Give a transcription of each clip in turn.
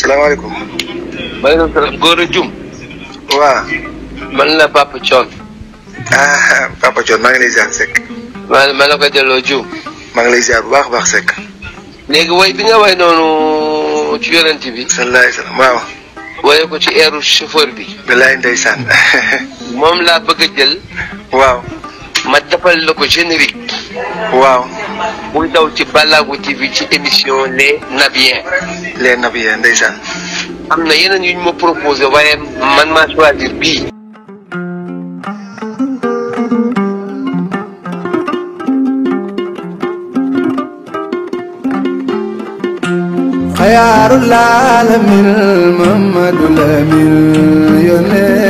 salaamaaleykum. maaleykum salaam Gora Dioum. waaw. man la Papa Thion. ah Papa Thion maa ngi lay maa la ko delloo Dioum. maa ngi lay ziar bu baax baax Seck. léegi way bi nga way noonu ci yonent bi. sallallahu alayhi wa sallam waaw. waye ko ci eeru chauffeur bi. bilaay ndeysaan. moom laa bëgg a jël. waaw. ma defal la ko générique. waaw. muy daw ci Ballago TV ci émission les Nabiens. les Nabiens ndeysaan. am na yeneen yu ñu ma proposé waaye man maa choisir bii. xayaaru laalamin Mamadou Lamine yónnee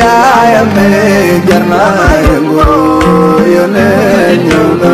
yaayam ne jar naa yëngu yónnee ñëw na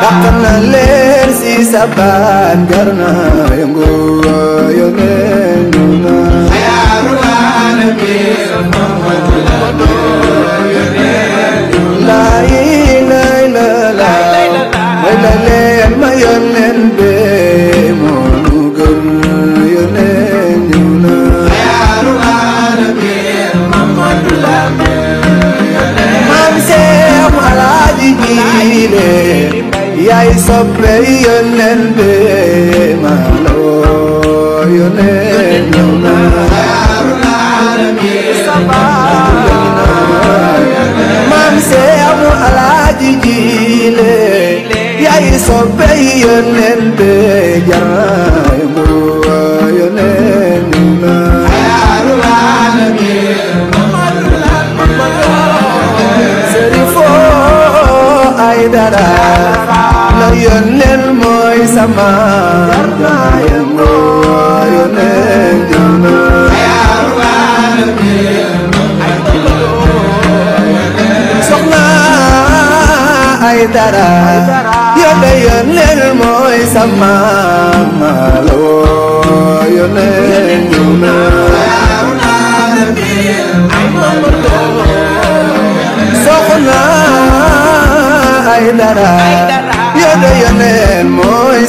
Bakana leer si saban garna yengoo yaay soppe yónneen bi maaloo yónneen ñëw na maam seemu alaaji jiile yaay soppe yónneen bi jaay mboo yónneen ñëw na Serifo ay dara sama darnaayam moo yónnee jënd. soxna ay dara yónnee yónneel mooy sama maaloo yónnee jënd. soxna ay dara yónnee yónneen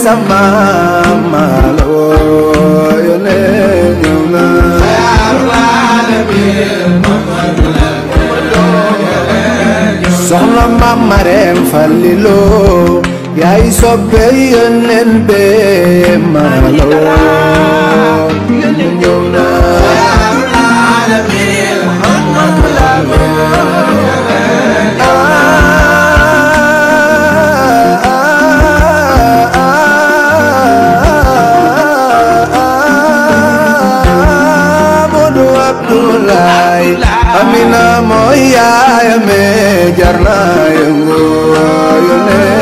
sa maam maa la woo yónnee ñëw na. soxna maam Mareem Fallilu yaay soppe yónneen bee maa la woo yónnee ñëw na. me jar na yëngu yónnee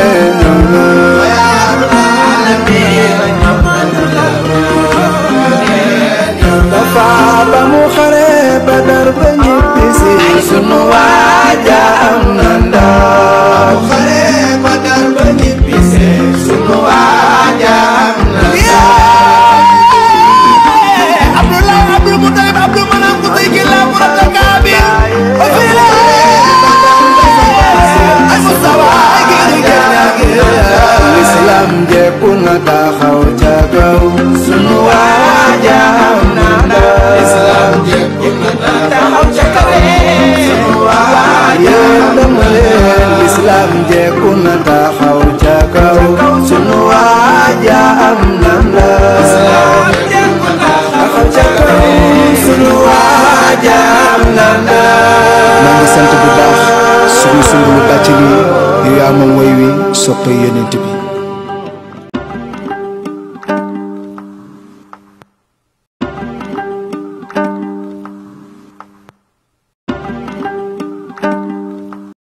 dafa ba mu xare ba dar ba ñibbisi waaja am na ja am nan la taxaw ca kaw sunu waa ja am nan la maa ngi sant bu baax suñu sumbulu bàcc yaa moom woy wi soppay yonent bi